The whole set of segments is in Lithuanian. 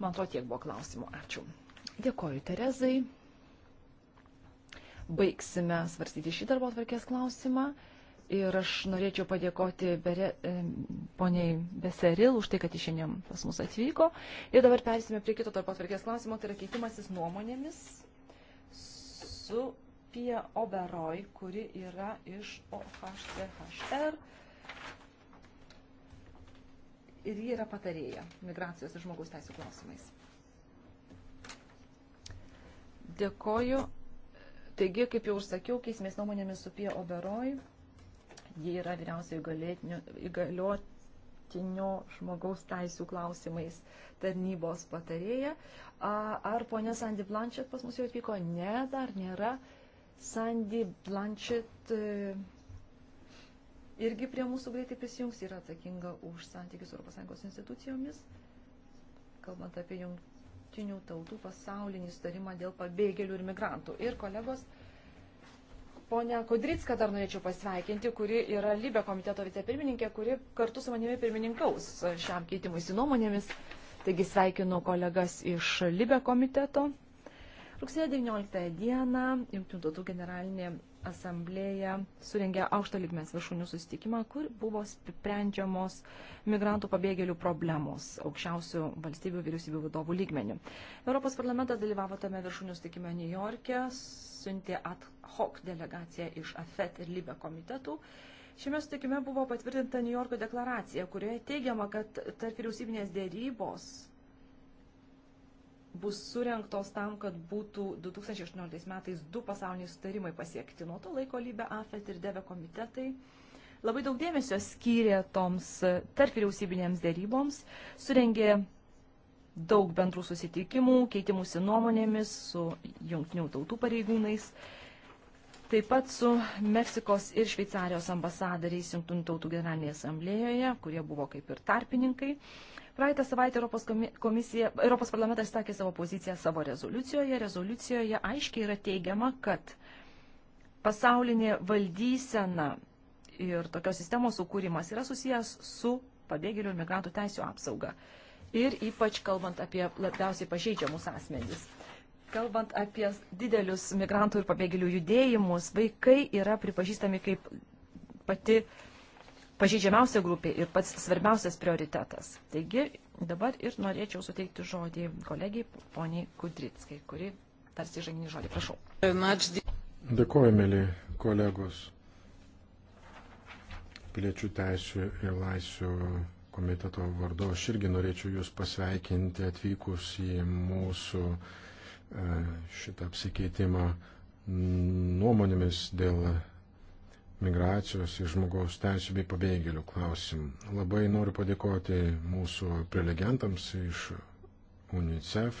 Man to tiek buvo klausimų. Ačiū. Dėkoju Terezai. Baigsime svarstyti šį darbo atvarkės klausimą. Ir aš norėčiau padėkoti bere, e, poniai Beseril už tai, kad jis šiandien pas mus atvyko. Ir dabar persime prie kito tarp atvarkės klausimo, tai yra keitimasis nuomonėmis su Pia Oberoj, kuri yra iš OHCHR ir ji yra patarėja migracijos ir žmogaus teisų klausimais. Dėkoju. Taigi, kaip jau užsakiau, keismės nuomonėmis su Pie Oberoj. Ji yra vyriausiojo įgaliotinio žmogaus teisų klausimais tarnybos patarėja. Ar ponė Sandy Blanchett pas mus jau atvyko? Ne, dar nėra. Sandy Blanchett e, irgi prie mūsų greitai prisijungs, yra atsakinga už santykius Europos Sąjungos institucijomis, kalbant apie jungtinių tautų pasaulinį sutarimą dėl pabėgėlių ir migrantų. Ir kolegos, Pone Kudricką dar norėčiau pasveikinti, kuri yra Libė komiteto vicepirmininkė, kuri kartu su manimi pirmininkaus šiam keitimui į nuomonėmis. Taigi sveikinu kolegas iš Libė komiteto. Rugsėjo 19 dieną Junktinių tautų generalinė asamblėja suringė aukšto lygmens viršūnių susitikimą, kur buvo sprendžiamos migrantų pabėgėlių problemos aukščiausių valstybių vyriausybių vadovų lygmenių. Europos parlamentas dalyvavo tame viršūnių susitikime New York'e, siuntė ad hoc delegaciją iš AFET ir LIBE komitetų. Šiame susitikime buvo patvirtinta New Yorko deklaracija, kurioje teigiama, kad tarp vyriausybinės dėrybos bus surinktos tam, kad būtų 2018 metais du pasauliniai sutarimai pasiekti. Nuo to laiko lybė AFET ir DEVE komitetai labai daug dėmesio skyrė toms e, tarp vyriausybinėms dėryboms, surengė daug bendrų susitikimų, keitimusi nuomonėmis su jungtinių tautų pareigūnais, taip pat su Meksikos ir Šveicarijos ambasadoriais jungtinių tautų generalinėje asamblėjoje, kurie buvo kaip ir tarpininkai. Praeitą savaitę Europos, komisija, Europos parlamentas sakė savo poziciją savo rezoliucijoje. Rezoliucijoje aiškiai yra teigiama, kad pasaulinė valdysena ir tokios sistemos sukūrimas yra susijęs su pabėgėlių ir migrantų teisų apsauga. Ir ypač kalbant apie labiausiai pažeidžiamus asmenys. Kalbant apie didelius migrantų ir pabėgėlių judėjimus, vaikai yra pripažįstami kaip pati uh, pažeidžiamiausia grupė ir pats svarbiausias prioritetas. Taigi dabar ir norėčiau suteikti žodį kolegijai poniai Kudrickai, kuri tarsi žanginį žodį. Prašau. Dėkuoju, mėly kolegos. Piliečių teisų ir laisvių komiteto vardu. Aš irgi norėčiau Jūs pasveikinti atvykus į mūsų e, šitą apsikeitimą nuomonėmis dėl migracijos ir žmogaus teisų bei pabėgėlių klausimų. Labai noriu padėkoti mūsų prelegentams iš UNICEF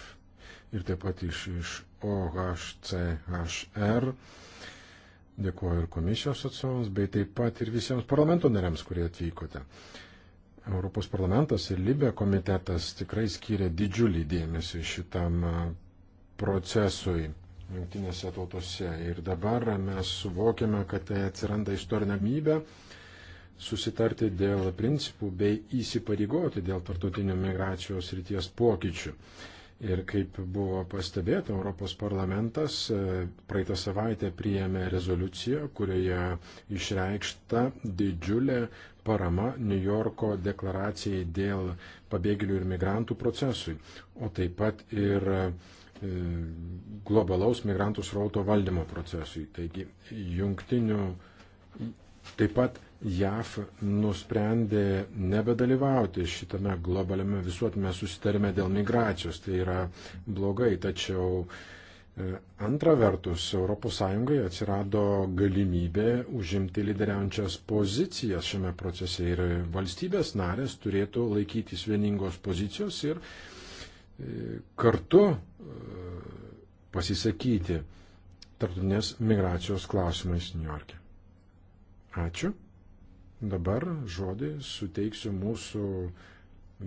ir taip pat iš, iš OHCHR. Dėkuoju ir komisijos atstovams, bei taip pat ir visiems parlamento nariams, kurie atvykote. Europos parlamentas ir Libė komitetas tikrai skiria didžiulį dėmesį šitam procesui jungtinėse tautose. Ir dabar mes suvokiame, kad tai atsiranda istorinė mybė susitarti dėl principų bei įsipareigoti dėl tartutinio migracijos ryties pokyčių. Ir kaip buvo pastebėta, Europos parlamentas e, praeitą savaitę priėmė rezoliuciją, kurioje išreikšta didžiulė parama New Yorko deklaracijai dėl pabėgėlių ir migrantų procesui, o taip pat ir E, globalaus migrantų srauto valdymo procesui. Taigi jungtinių taip pat JAF nusprendė nebedalyvauti šitame globaliame visuotime susitarime dėl migracijos. Tai yra blogai, tačiau e, antra vertus ES atsirado galimybė užimti lyderiaujančias pozicijas šiame procese ir valstybės narės turėtų laikytis vieningos pozicijos ir e, kartu pasisakyti tarptautinės migracijos klausimais New York'e. Ačiū. Dabar žodį suteiksiu mūsų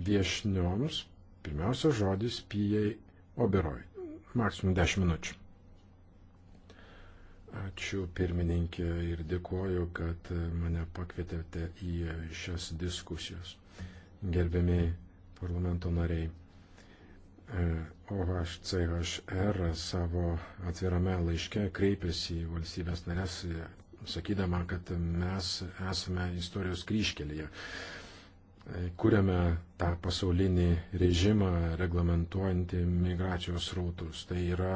viešnioms. Pirmiausia, žodis Pijai Oberoj. Maksimum 10 minučių. Ačiū pirmininkė ir dėkoju, kad mane pakvietėte į šias diskusijas. Gerbiami parlamento nariai. OHCHR savo atvirame laiške kreipėsi į valstybės narės, sakydama, kad mes esame istorijos kryškelėje. Kūrėme tą pasaulinį režimą reglamentuojantį migracijos rautus. Tai yra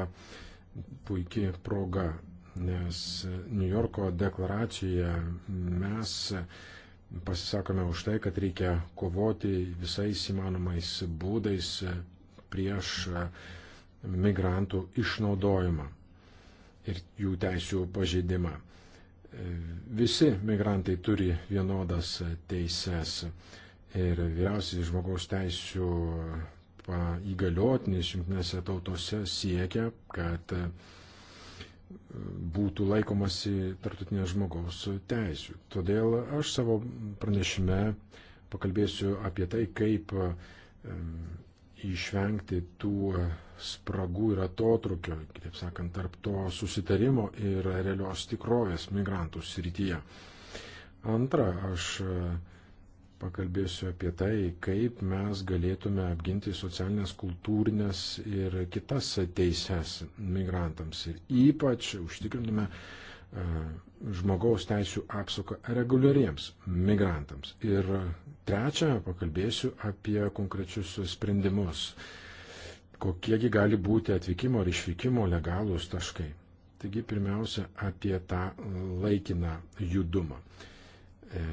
puikia proga, nes New Yorko deklaracijoje mes pasisakome už tai, kad reikia kovoti visais įmanomais būdais prieš e, migrantų išnaudojimą ir jų teisių pažeidimą. E, visi migrantai turi vienodas teises ir vyriausias žmogaus teisų įgaliotinis jungtinėse tautose siekia, kad e, būtų laikomasi tartutinės žmogaus teisių. Todėl aš savo pranešime pakalbėsiu apie tai, kaip išvengti tų spragų ir atotrukio, kitaip sakant, tarp to susitarimo ir realios tikrovės migrantų srityje. Antra, aš e, pakalbėsiu apie tai, kaip mes galėtume apginti socialinės, kultūrinės ir kitas teises migrantams ir ypač užtikrintume E, žmogaus teisų apsaugą reguliariems migrantams. Ir trečia, pakalbėsiu apie konkrečius sprendimus, kokiegi gali būti atvykimo ir išvykimo legalūs taškai. Taigi pirmiausia apie tą laikiną judumą. E,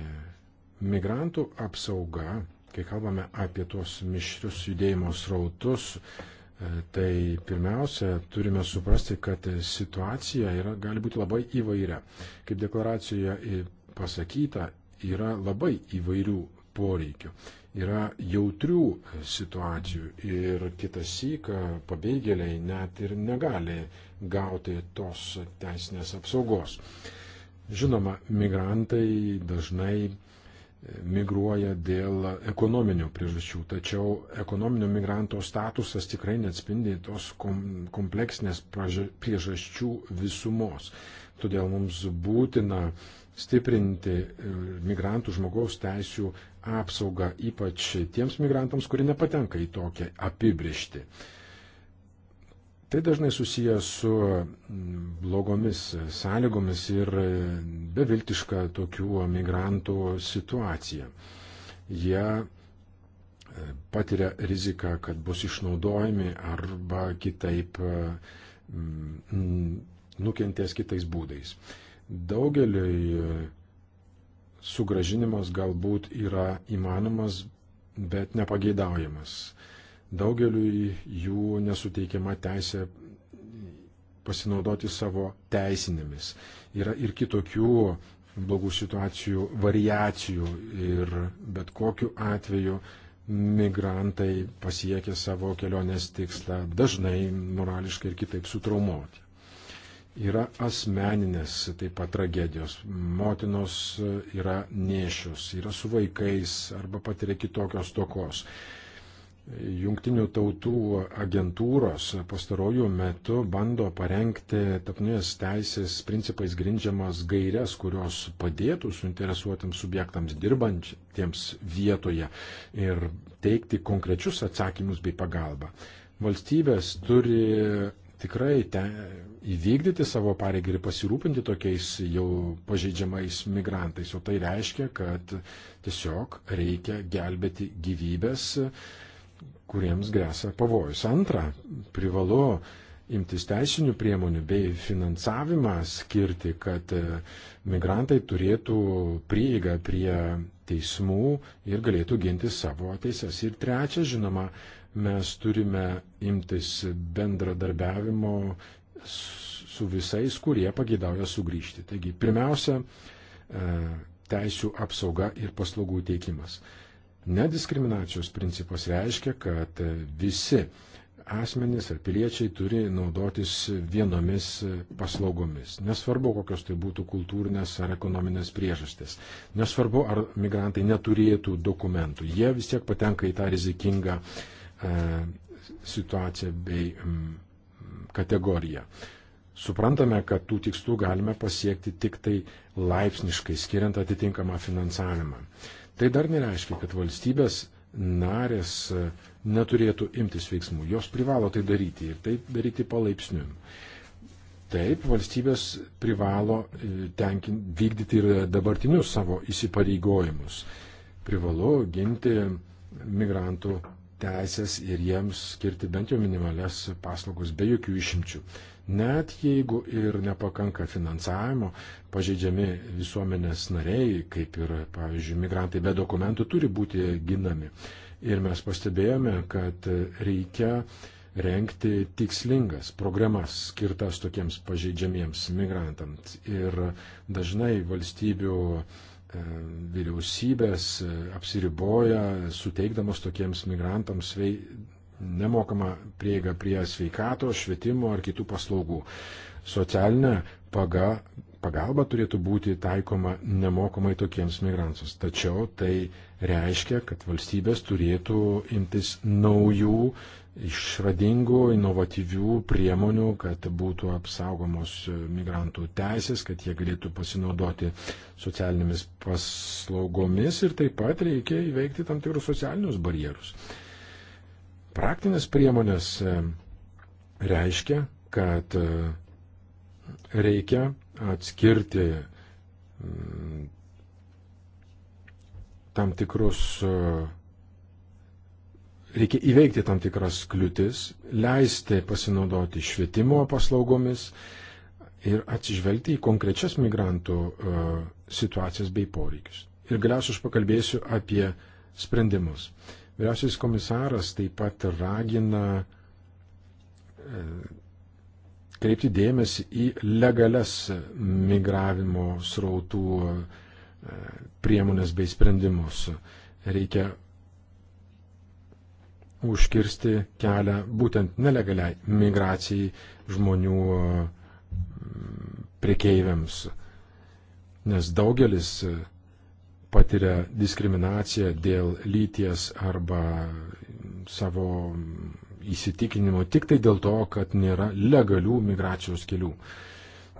migrantų apsauga, kai kalbame apie tuos mišrius judėjimo srautus, e, E, tai pirmiausia, turime suprasti, kad situacija yra, gali būti labai įvairia. Kaip deklaracijoje pasakyta, yra labai įvairių poreikių. Yra jautrių situacijų ir kitas syk pabėgėliai net ir negali gauti tos teisinės apsaugos. Žinoma, migrantai dažnai migruoja dėl ekonominių priežasčių, tačiau ekonominio migranto statusas tikrai neatspindi tos kompleksinės priežasčių visumos. Todėl mums būtina stiprinti e, migrantų žmogaus teisų apsaugą, ypač tiems migrantams, kurie nepatenka į tokią apibrištį. Tai dažnai susijęs su mm, blogomis sąlygomis ir mm, beviltiška tokių migrantų situacija. Jie mm, patiria riziką, kad bus išnaudojami arba kitaip nukentės kitais būdais. Daugeliui sugražinimas galbūt yra įmanomas, bet nepageidaujamas daugeliu jų nesuteikiama teisė pasinaudoti savo teisinėmis. Yra ir kitokių blogų situacijų, variacijų ir bet kokiu atveju migrantai pasiekia savo kelionės tikslą dažnai morališkai ir kitaip sutraumuoti. Yra asmeninės taip pat tragedijos. Motinos yra nešios, yra su vaikais arba patiria kitokios tokos. Jungtinių tautų agentūros pastarojų metu bando parengti tapnės teisės principais grindžiamas gairias, kurios padėtų suinteresuotams subjektams dirbantiems vietoje ir teikti konkrečius atsakymus bei pagalbą. Valstybės turi tikrai te, įvykdyti savo pareigą ir pasirūpinti tokiais jau pažeidžiamais migrantais, o tai reiškia, kad tiesiog reikia gelbėti gyvybės kuriems grėsia pavojus. Antra, privalu imtis teisinių priemonių bei finansavimą skirti, kad e, migrantai turėtų prieigą prie teismų ir galėtų ginti savo teises. Ir trečia, žinoma, mes turime imtis bendradarbiavimo su visais, kurie pagėdauja sugrįžti. Taigi, pirmiausia, e, teisų apsauga ir paslaugų teikimas. Nediskriminacijos principas reiškia, kad visi asmenys ar piliečiai turi naudotis vienomis paslaugomis. Nesvarbu, kokios tai būtų kultūrinės ar ekonominės priežastis. Nesvarbu, ar migrantai neturėtų dokumentų. Jie vis tiek patenka į tą rizikingą e, situaciją bei m, kategoriją. Suprantame, kad tų tikslų galime pasiekti tik tai laipsniškai, skiriant atitinkamą finansavimą. E, Tai dar nereiškia, kad valstybės narės e, neturėtų imtis veiksmų. Jos privalo tai daryti ir tai daryti palaipsniui. Taip, valstybės privalo e, tenkin, vykdyti ir dabartinius savo įsipareigojimus. Privalu ginti migrantų teisės ir jiems skirti bent jau minimales paslaugus be jokių išimčių. Net jeigu ir nepakanka finansavimo, pažeidžiami visuomenės nariai, kaip ir, pavyzdžiui, migrantai be dokumentų, turi būti ginami. Ir mes pastebėjome, kad reikia renkti tikslingas programas skirtas tokiems pažeidžiamiems migrantams. Ir dažnai valstybių e, vyriausybės e, apsiriboja suteikdamas tokiems migrantams nemokamą prieigą prie sveikato, švietimo ar kitų paslaugų. Socialinė paga, pagalba turėtų būti taikoma nemokamai tokiems migrantams. Tačiau tai reiškia, kad valstybės turėtų imtis naujų, išradingų, inovatyvių priemonių, kad būtų apsaugomos migrantų teisės, kad jie galėtų pasinaudoti socialinėmis paslaugomis ir taip pat reikia įveikti tam tikrus socialinius barjerus. Praktinės priemonės e, reiškia, kad e, reikia atskirti tam tikrus, e, reikia įveikti tam tikras kliūtis, leisti pasinaudoti švietimo paslaugomis ir atsižvelgti į konkrečias migrantų situacijas bei poreikius. Ir galiausiai aš pakalbėsiu apie sprendimus. Vyriausiasis komisaras taip pat ragina e, kreipti dėmesį į legales migravimo srautų e, priemonės bei sprendimus. Reikia užkirsti kelią būtent nelegaliai migracijai žmonių priekeiviams, nes daugelis patiria diskriminaciją dėl lyties arba savo įsitikinimo tik tai dėl to, kad nėra legalių migracijos kelių.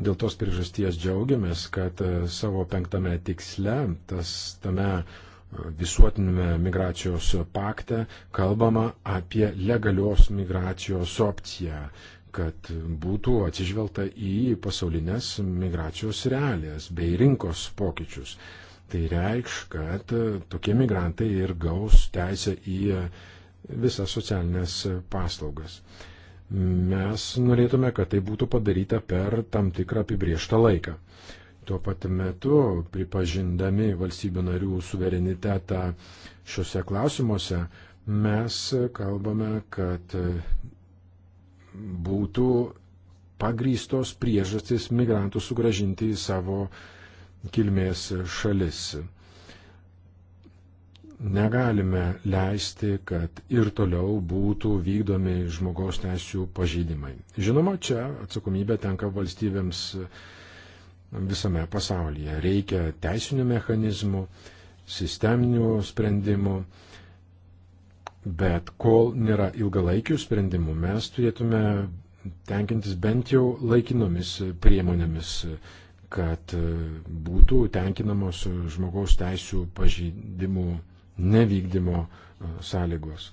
Dėl tos priežasties džiaugiamės, kad e, savo penktame tiksle, tas tame e, visuotinėme migracijos pakte kalbama apie legalios migracijos opciją, kad būtų atsižvelgta į pasaulinės migracijos realijas bei rinkos pokyčius. Tai reikš, kad tokie migrantai ir gaus teisę į visas socialinės paslaugas. Mes norėtume, kad tai būtų padaryta per tam tikrą apibrieštą laiką. Tuo pat metu, pripažindami valstybių narių suverenitetą šiuose klausimuose, mes kalbame, kad būtų pagrystos priežastys migrantų sugražinti į savo kilmės šalis. Negalime leisti, kad ir toliau būtų vykdomi žmogaus teisų pažydimai. Žinoma, čia atsakomybė tenka valstybėms visame pasaulyje. Reikia teisinių mechanizmų, sisteminių sprendimų, bet kol nėra ilgalaikių sprendimų, mes turėtume tenkintis bent jau laikinomis priemonėmis kad e, būtų tenkinamos žmogaus teisų pažydimų nevykdymo e, sąlygos.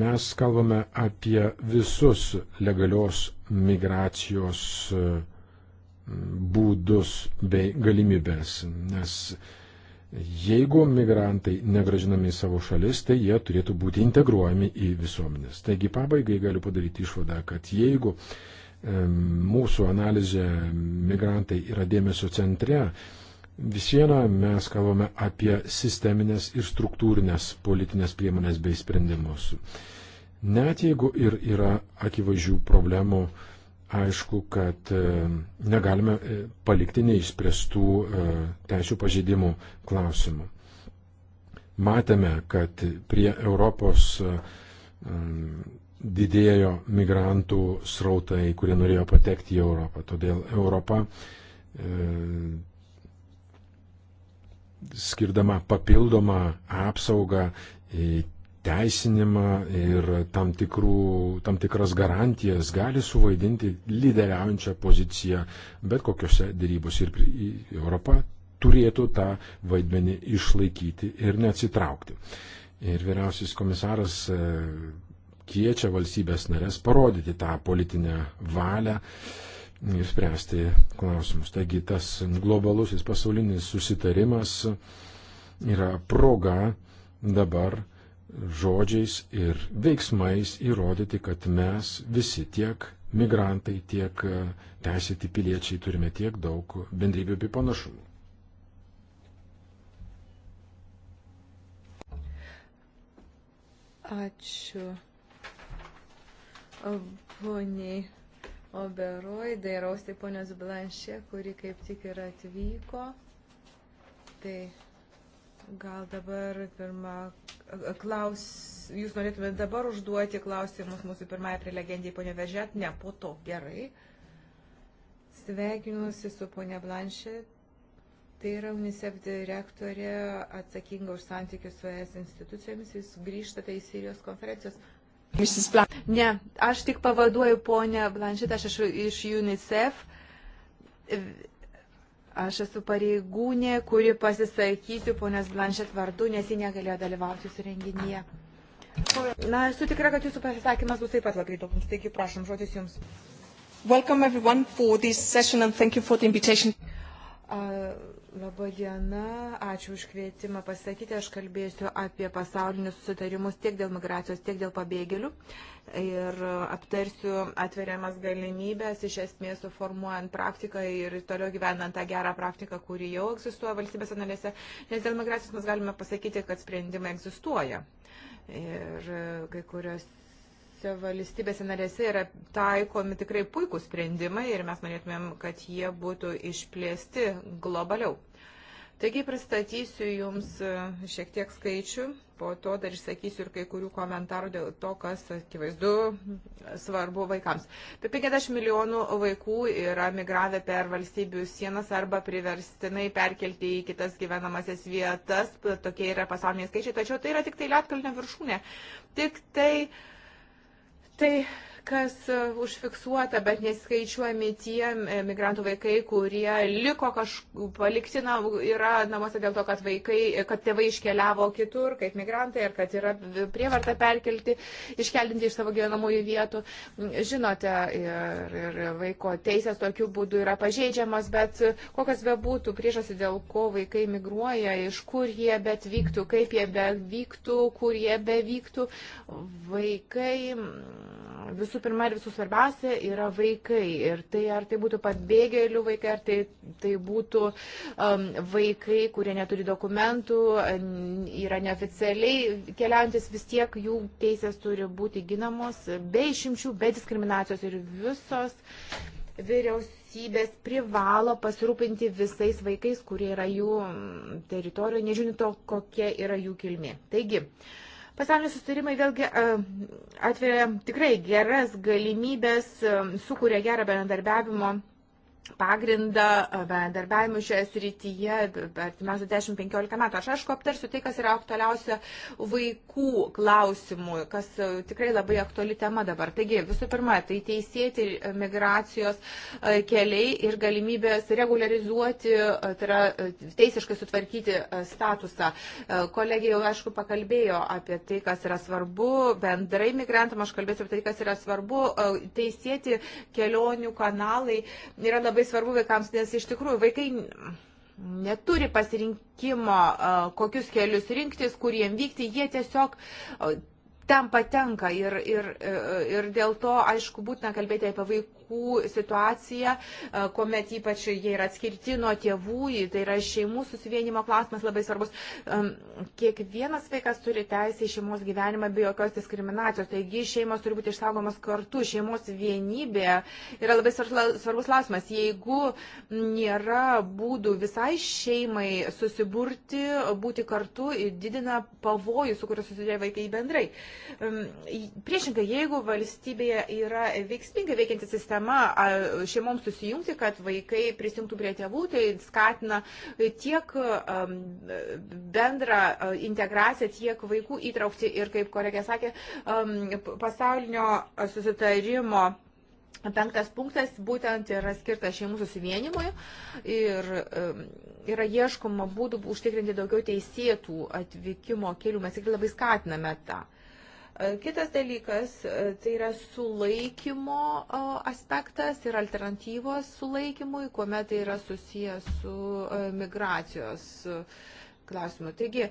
Mes kalbame apie visus legalios migracijos e, būdus bei galimybės, nes jeigu migrantai negražinami į savo šalis, tai jie turėtų būti integruojami į visuomenės. Taigi pabaigai galiu padaryti išvadą, kad jeigu uh, mūsų analizė migrantai yra dėmesio centre, vis viena mes kalbame apie sisteminės ir struktūrinės politinės priemonės bei sprendimus. Net jeigu ir yra akivaizdžių problemų, aišku, kad e, negalime e, palikti neišspręstų e, teisų pažeidimų klausimų. Matėme, kad prie Europos didėjo migrantų srautai, kurie norėjo patekti į Europą. Todėl Europa, e, skirdama papildomą apsaugą, e, teisinimą ir tam, tikrų, tam tikras garantijas, gali suvaidinti lyderiaujančią poziciją bet kokiuose dėrybose. Ir Europa turėtų tą vaidmenį išlaikyti ir neatsitraukti. Ir vyriausias komisaras e, kviečia valstybės narės parodyti tą politinę valią ir spręsti klausimus. Taigi tas globalusis pasaulinis susitarimas yra proga dabar žodžiais ir veiksmais įrodyti, kad mes visi tiek migrantai, tiek teisėti piliečiai turime tiek daug bendrybių bei panašumų. Ačiū poniai Oberoj, dairausi tai ponios Blanšė, kuri kaip tik ir atvyko. Tai gal dabar pirmą klaus, jūs norėtumėte dabar užduoti klausimus mūsų pirmąją prilegendijai ponio Vežet, ne po to, gerai. Sveikinusi su ponia Blanšė, tai yra UNICEF direktorė atsakinga už santykius su ES institucijomis, jūs grįžtate į Sirijos konferencijos Ne, aš tik pavaduoju ponę Blanšitą, aš esu iš UNICEF. Aš esu pareigūnė, kuri pasisakysiu ponios Blanšet vardu, nes ji negalėjo dalyvauti jūsų renginyje. Na, esu tikra, kad jūsų pasisakymas bus taip pat labai įdomus, taigi prašom, žodis jums. Welcome everyone for this session and thank you for the invitation. Uh, Labą dieną, ačiū už kvietimą pasakyti. Aš kalbėsiu apie pasaulinius susitarimus tiek dėl migracijos, tiek dėl pabėgėlių. Ir aptarsiu atveriamas galimybės, iš esmės suformuojant praktiką ir toliau gyvenant tą gerą praktiką, kuri jau egzistuoja valstybės analėse. Nes dėl migracijos mes galime pasakyti, kad sprendimai egzistuoja. Ir kai kurios kuriuose valstybėse narėse yra taikomi tikrai puikūs sprendimai ir mes norėtumėm, kad jie būtų išplėsti globaliau. Taigi pristatysiu Jums e, šiek tiek skaičių, po to dar išsakysiu ir kai kurių komentarų dėl to, kas akivaizdu svarbu vaikams. Apie 50 milijonų vaikų yra migravę per valstybių sienas arba priverstinai perkelti į kitas gyvenamasias vietas. Tokie yra pasauliniai skaičiai, tačiau tai yra tik tai Lietkalnio viršūnė. Tik tai. Uh, Tai kas e, užfiksuota, bet neskaičiuojami tie e, migrantų vaikai, kurie liko kažkur palikti, na, yra namuose dėl to, kad, vaikai, kad tėvai iškeliavo kitur, kaip migrantai, ar kad yra prievarta perkelti, iškeldinti iš savo gyvenamųjų vietų. Žinote, ir, ir vaiko teisės tokiu būdu yra pažeidžiamas, bet kokias bebūtų priežasi, dėl ko vaikai migruoja, iš kur jie bet vyktų, kaip jie bevyktų, kur jie bevyktų, vaikai visų pirma ir visų svarbiausia yra vaikai. Ir tai ar tai būtų pabėgėlių vaikai, ar tai, tai būtų um, vaikai, kurie neturi dokumentų, yra neoficialiai keliaujantis, vis tiek jų teisės turi būti ginamos be išimčių, be diskriminacijos ir visos vyriausybės valstybės privalo pasirūpinti visais vaikais, kurie yra jų teritorijoje, nežiūrint to, kokia yra jų kilmė. Taigi, uh, Pasaulio sustarimai vėlgi e, atveria tikrai geras galimybės, e, sukuria gerą bendradarbiavimo pagrindą e, bendarbiavimui šioje srityje artimiausią 10-15 metų. Aš aišku aptarsiu tai, kas yra aktualiausia vaikų klausimų, kas e, tikrai labai aktuali tema dabar. Taigi, visų pirma, tai teisėti migracijos e, keliai ir galimybės regularizuoti, tai yra teisiškai sutvarkyti statusą. Kolegija jau aišku pakalbėjo apie tai, kas yra svarbu bendrai migrantam, aš kalbėsiu apie tai, kas yra svarbu teisėti kelionių kanalai. Yra labai labai svarbu vaikams, nes iš tikrųjų vaikai neturi pasirinkimo, kokius kelius rinktis, kur jiem vykti, jie tiesiog ten patenka ir, ir, e, e, ir dėl to, aišku, būtina kalbėti apie vaikų vaikų situacija, e, kuomet ypač jie yra atskirti nuo tėvų, tai yra šeimų susivienimo klausimas labai svarbus. Kiekvienas vaikas turi teisę į šeimos gyvenimą be jokios diskriminacijos, taigi šeimos turi būti išsaugomas kartu, šeimos vienybė yra labai svarbus klausimas. Jeigu nėra būdų visai šeimai susiburti, būti kartu, didina pavojų, su kuriuo susiduria vaikai bendrai. Priešingai, jeigu valstybėje yra veiksmingai veikianti sistema, problema šeimoms susijungti, kad vaikai prisimtų prie tėvų, tai skatina tiek bendrą integraciją, tiek vaikų įtraukti ir, kaip kolegė sakė, pasaulinio susitarimo Penktas punktas būtent yra skirtas šeimų susivienimui ir yra ieškoma būdų užtikrinti daugiau teisėtų atvykimo kelių. Mes tikrai labai skatiname tą. Ta. E, kitas dalykas e, tai yra sulaikymo e, aspektas ir alternatyvos sulaikymui, kuomet tai yra susijęs su migracijos klausimu. Taigi,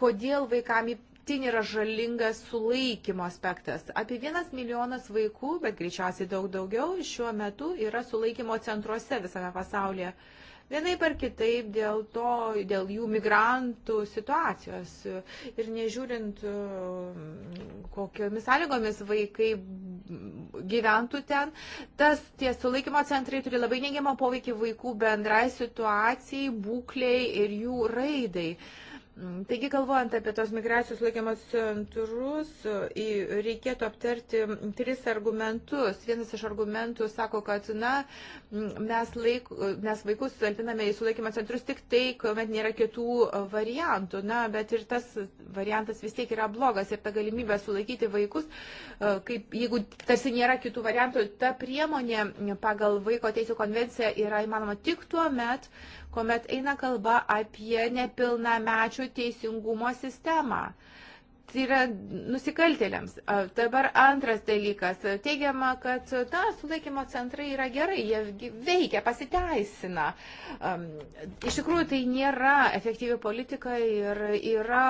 kodėl vaikam itin yra žalingas sulaikymo aspektas. Apie vienas milijonas vaikų, bet greičiausiai daug daugiau, šiuo metu yra sulaikymo centruose visame pasaulyje. Uh, vienai par kitaip dėl to, dėl jų migrantų situacijos. Ir nežiūrint, mm, kokiomis sąlygomis vaikai gyventų ten, tas tie sulaikymo centrai turi labai neigiamą poveikį vaikų bendrai situacijai, būkliai ir jų raidai. Uh, Taigi, galvojant apie tos migracijos laikiamas centrus, reikėtų aptarti tris argumentus. Vienas iš argumentų sako, kad na, mes, laik, mes vaikus talpiname į sulaikymą centrus tik tai, kuomet nėra kitų variantų. Na, bet ir tas variantas vis tiek yra blogas ir ta galimybė sulaikyti vaikus, kaip, jeigu tarsi nėra kitų variantų, ta priemonė pagal vaiko teisų konvenciją yra įmanoma tik tuo met, kuomet eina kalba apie nepilnamečių teisingumo sistemą. Tai yra nusikaltėliams. Dabar antras dalykas. Teigiama, kad na, sulaikymo centrai yra gerai, jie veikia, pasiteisina. Iš tikrųjų, tai nėra efektyvi politika ir yra,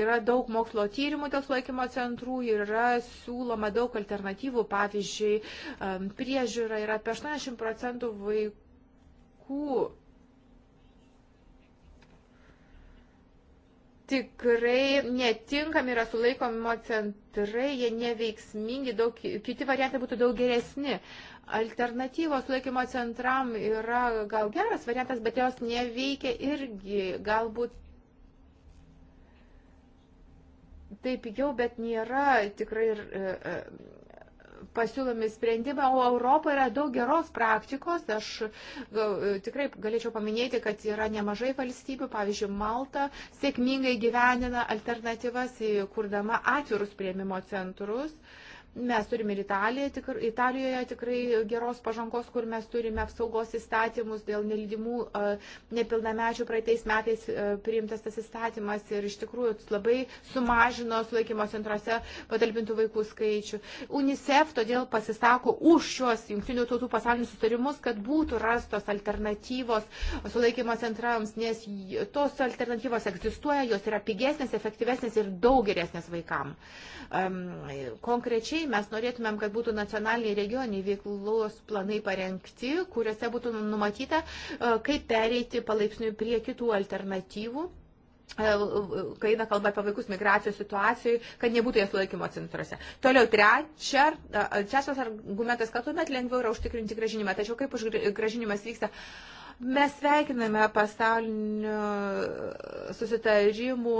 yra daug mokslo tyrimų dėl sulaikymo centrų, yra siūloma daug alternatyvų. Pavyzdžiui, priežiūra yra apie 80 procentų vaikų tikrai netinkami yra sulaikomimo centrai, jie neveiksmingi, daug, kiti variantai būtų daug geresni. Alternatyvos sulaikymo centram yra gal geras variantas, bet jos neveikia irgi. Galbūt taip jau, bet nėra tikrai ir, e, e, pasiūlomi sprendimai, o Europoje yra daug geros praktikos. Aš e, tikrai galėčiau paminėti, kad yra nemažai valstybių, pavyzdžiui, Malta sėkmingai gyvenina alternatyvas, e, kurdama atvirus prieimimo centrus. Uh, Mes turime ir Italiją, tikr, Italijoje tikrai geros pažangos, kur mes turime apsaugos įstatymus dėl nelydimų nepilnamečių. Praeitais metais priimtas tas įstatymas ir iš tikrųjų labai sumažino sulaikymo centruose patalpintų vaikų skaičių. UNICEF todėl pasisako už šios jungtinių tautų pasaulinius sutarimus, kad būtų rastos alternatyvos sulaikymo centrams, nes tos alternatyvos egzistuoja, jos yra pigesnės, efektyvesnės ir daug geresnės vaikam. Um, konkrečiai Panašiai mes norėtumėm, kad būtų nacionaliniai regioniai veiklos planai parengti, kuriuose būtų numatyta, e, kaip pereiti palaipsniui prie kitų alternatyvų e, kai eina kalba apie vaikus migracijos situacijai, kad nebūtų jas laikymo centruose. Toliau, trečia, e, trečias argumentas, kad tuomet lengviau yra užtikrinti gražinimą. Tačiau kaip gražinimas vyksta, Mes sveikiname pasaulinių susitarimų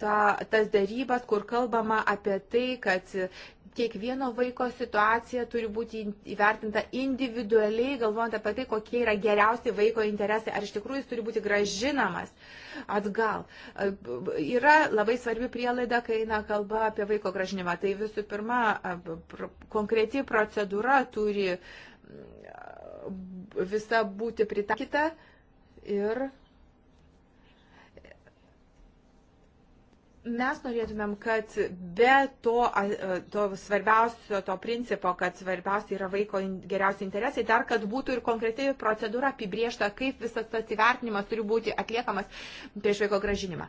ta, tas darybas, kur kalbama apie tai, kad kiekvieno vaiko situacija turi būti įvertinta individualiai, galvojant apie tai, kokie yra geriausi vaiko interesai, ar iš tikrųjų jis turi būti gražinamas atgal. Yra labai svarbi prielaida, kai eina kalba apie vaiko gražinimą. Tai visų pirma, konkreti procedūra turi visa būti pritaikyta ir mes norėtumėm, kad be to, to svarbiausio, to principo, kad svarbiausia yra vaiko geriausi interesai, dar kad būtų ir konkreti procedūra apibriešta, kaip visas tas įvertinimas turi būti atliekamas prieš vaiko gražinimą.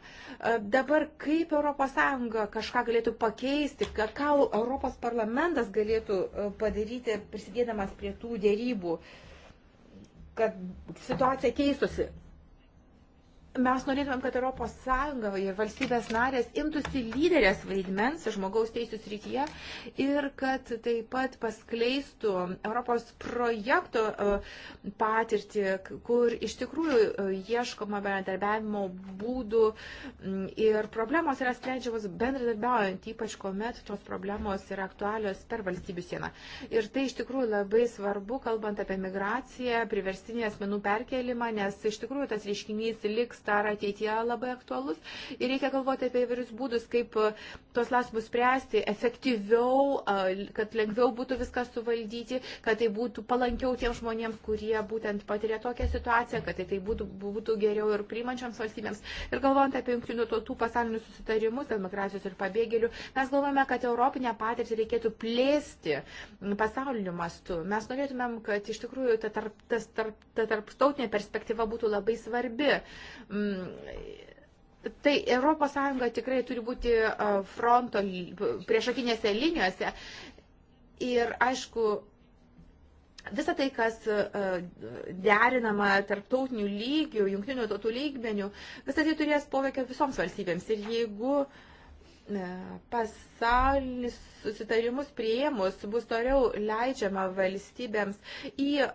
Dabar kaip ES kažką galėtų pakeisti, ką Europos parlamentas galėtų padaryti prisidėdamas prie tų dėrybų. Uh, kad situacija keistusi. Mes norėtumėm, kad ES ir valstybės narės imtųsi lyderės vaidmens žmogaus teisų srityje ir kad taip pat paskleistų Europos projektų e, patirtį, kur iš tikrųjų e, ieškoma bendradarbiavimo būdų ir problemos yra sprendžiamos bendradarbiaujant, ypač kuomet tos problemos yra aktualios per valstybių sieną. Ir tai iš tikrųjų labai svarbu, kalbant apie migraciją, priverstinį asmenų perkelimą, nes iš tikrųjų tas reiškinys liks dar ateityje labai aktualus. Ir reikia galvoti apie įvairius būdus, kaip e, tos lasmus spręsti efektyviau, kad lengviau būtų viską suvaldyti, kad tai būtų palankiau tiem žmonėms, kurie būtent patiria tokią situaciją, kad tai, tai būtų, būtų geriau ir priimančiams valstybėms. Ir galvojant apie jungtinių tautų pasaulinius susitarimus dėl migracijos ir pabėgėlių, mes galvojame, kad europinę patirtį reikėtų plėsti pasauliniu mastu. Mes norėtumėm, kad iš tikrųjų ta, tarp, tas, tarp, ta tarptautinė perspektyva būtų labai svarbi. Mm, tai ES tikrai turi būti fronto priešakinėse linijose. Ir aišku, visą tai, kas derinama tarptautinių lygių, jungtinių tautų lygmenių, visą tai turės poveikio visoms valstybėms. Ir jeigu uh, pasaulis susitarimus prieimus bus toliau leidžiama valstybėms į e,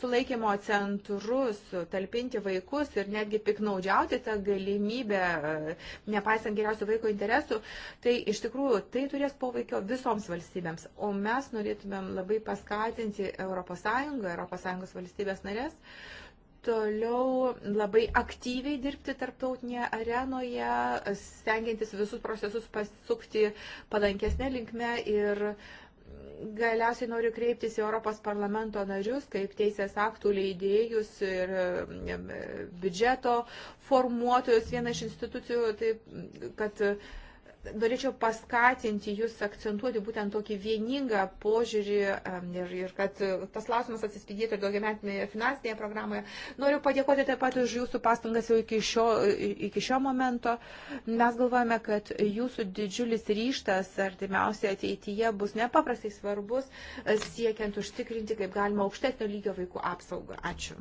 sulaikymo centrus talpinti vaikus ir netgi piknaudžiauti tą galimybę, e, nepaisant geriausių vaiko interesų, tai iš tikrųjų tai turės poveikio visoms valstybėms. O mes norėtumėm labai paskatinti ES, ES valstybės narės, uh, toliau labai aktyviai dirbti tarptautinėje arenoje, stengiantis visus procesus pasukti palankesnė linkme ir galiausiai noriu kreiptis į Europos parlamento narius, kaip teisės aktų leidėjus ir biudžeto formuotojus, viena iš institucijų, taip, kad norėčiau paskatinti jūs akcentuoti būtent tokį vieningą požiūrį ir, ir kad e, tas klausimas atsispindėtų ir daugiametinėje finansinėje programoje. Noriu padėkoti taip pat už jūsų pastangas jau iki šio, iki šio momento. Mes galvojame, kad jūsų didžiulis ryštas artimiausiai ateityje bus nepaprastai svarbus, e, siekiant užtikrinti kaip galima aukštesnio lygio vaikų apsaugą. Ačiū.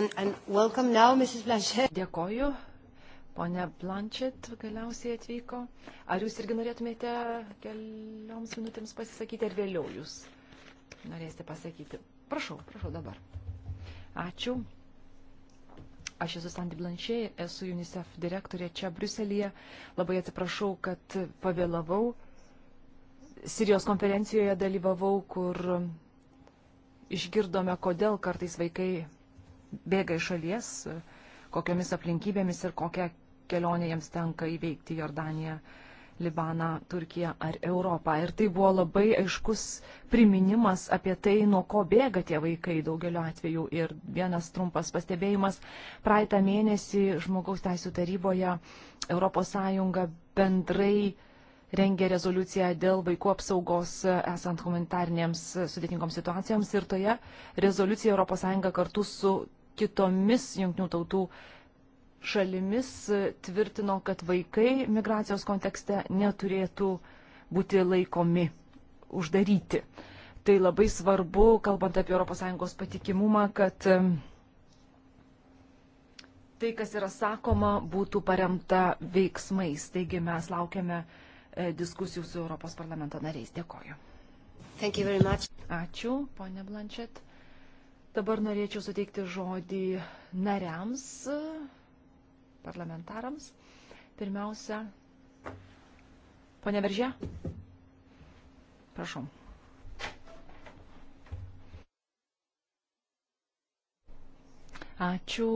And, and now, Dėkoju. Pone Blanchett galiausiai atvyko. Ar jūs irgi norėtumėte kelioms minutėms pasisakyti, ar vėliau jūs norėsite pasakyti? Prašau, prašau dabar. Ačiū. Aš esu Sandy Blanchett, esu UNICEF direktorė čia Bruselėje. Labai atsiprašau, kad pavėlavau. Sirijos konferencijoje dalyvavau, kur išgirdome, kodėl kartais vaikai bėga iš šalies, kokiomis aplinkybėmis ir kokią kelionė jiems tenka įveikti Jordaniją, Libaną, Turkiją ar Europą. Ir tai buvo labai aiškus priminimas apie tai, nuo ko bėga tie vaikai daugeliu atveju. Ir vienas trumpas pastebėjimas. Praeitą mėnesį Žmogaus teisų taryboje ES bendrai rengė rezoliuciją dėl vaikų apsaugos e, esant humanitarnėms e, sudėtingoms situacijoms ir toje rezoliucijoje ES kartu su kitomis jungtinių tautų šalimis tvirtino, kad vaikai migracijos kontekste neturėtų būti laikomi uždaryti. Tai labai svarbu, kalbant apie ES patikimumą, kad tai, kas yra sakoma, būtų paremta veiksmais. Taigi mes laukiame e, diskusijų su Europos parlamento nariais. Dėkoju. Ačiū, ponė Blančet. Dabar norėčiau suteikti žodį nariams parlamentarams. Pirmiausia, ponia Veržė, prašom. Ačiū.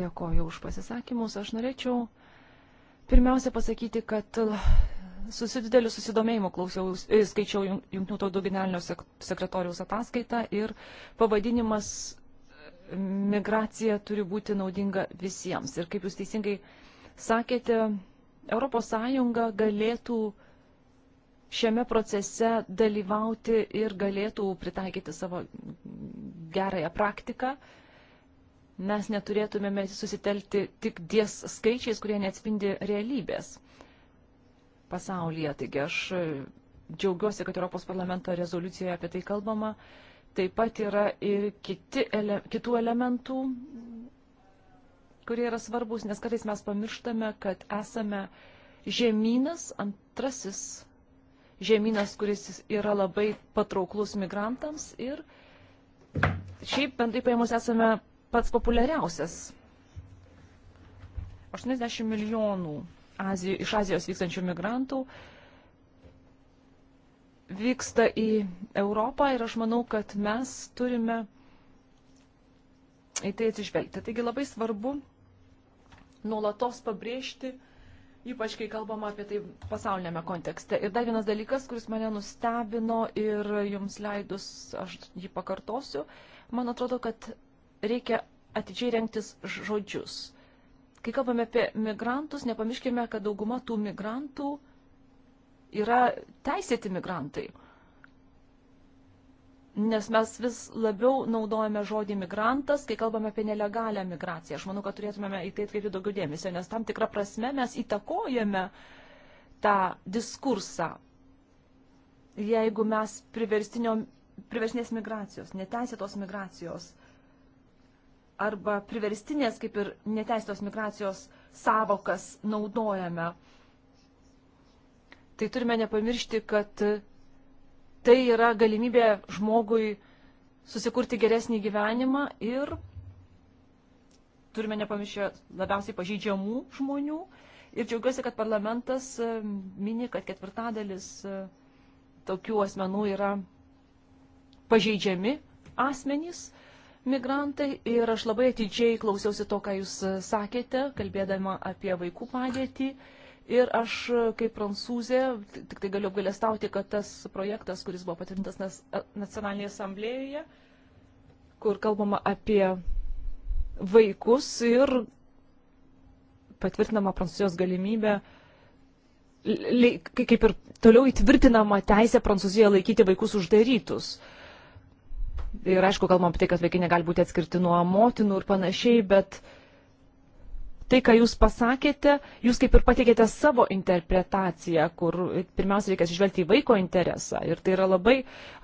Dėkoju už pasisakymus. Aš norėčiau pirmiausia pasakyti, kad su dideliu susidomėjimu klausiau, skaičiau Junktinių tautų generalinio sekretoriaus ataskaitą ir pavadinimas migracija turi būti naudinga visiems. Ir kaip jūs teisingai sakėte, ES galėtų šiame procese dalyvauti ir galėtų pritaikyti savo gerąją praktiką. Mes neturėtumėme susitelti tik ties skaičiais, kurie neatspindi realybės pasaulyje. Taigi aš džiaugiuosi, kad Europos parlamento rezoliucijoje apie tai kalbama. Uh, Taip pat yra ir kiti, ele, kitų elementų, kurie yra svarbus, nes kartais mes pamirštame, kad esame žemynas, antrasis žemynas, kuris yra labai patrauklus migrantams ir šiaip bendrai paėmus esame pats populiariausias. 80 milijonų Azijų, iš Azijos vykstančių migrantų vyksta į Europą ir aš manau, kad mes turime į tai atsižvelgti. Taigi labai svarbu nuolatos pabrėžti, ypač kai kalbama apie tai pasaulinėme kontekste. Ir dar vienas dalykas, kuris mane nustebino ir jums leidus, aš jį pakartosiu, man atrodo, kad reikia atidžiai renktis žodžius. Kai kalbame apie migrantus, nepamirškime, kad dauguma tų migrantų yra teisėti migrantai. Nes mes vis labiau naudojame žodį migrantas, kai kalbame apie nelegalią migraciją. Aš manau, kad turėtumėme į tai atkreipti daugiau dėmesio, nes tam tikrą prasme mes įtakojame tą diskursą. Jeigu mes priverstinės migracijos, neteisėtos migracijos arba priverstinės kaip ir neteisėtos migracijos savokas naudojame, tai turime nepamiršti, kad tai yra galimybė žmogui susikurti geresnį gyvenimą ir turime nepamiršti labiausiai pažeidžiamų žmonių. Ir džiaugiuosi, kad parlamentas e, mini, kad ketvirtadalis e, tokių asmenų yra pažeidžiami asmenys, migrantai. Ir aš labai atidžiai klausiausi to, ką jūs e, sakėte, kalbėdama apie vaikų padėtį. Uh, Ir aš kaip prancūzė tik tai galiu apgalėstauti, kad tas projektas, kuris buvo patvirtintas Nacionalinėje asamblėjoje, kur kalbama apie vaikus ir patvirtinama prancūzijos galimybė kaip ir toliau įtvirtinama teisė Prancūzijoje laikyti vaikus uždarytus. Ir aišku, kalbam apie tai, kad vaikai negali būti atskirti nuo motinų ir panašiai, bet uh, tai, ką jūs pasakėte, jūs kaip ir pateikėte savo interpretaciją, kur pirmiausia reikia išvelgti į vaiko interesą. Ir tai yra labai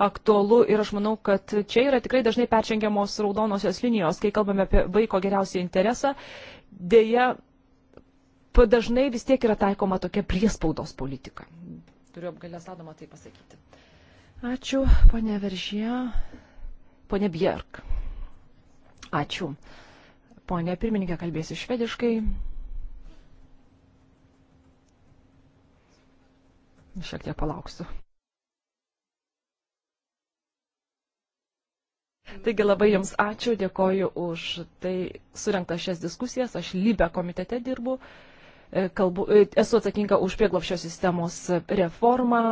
aktualu ir aš manau, kad čia yra tikrai dažnai peržengiamos raudonosios linijos, kai kalbame apie vaiko geriausią interesą. Deja, dažnai vis tiek yra taikoma tokia priespaudos politika. Turiu apgalėsadama tai pasakyti. Ačiū, ponė Veržė. Ponė Bjerk. Ačiū. Pone pirmininkė, kalbėsiu švediškai. Šiek tiek palauksiu. Taigi labai Jums ačiū, dėkoju už tai surinktą šias diskusijas. Aš Libe komitete dirbu, e, kalbu, e, esu atsakinga už prieglopščio sistemos reformą,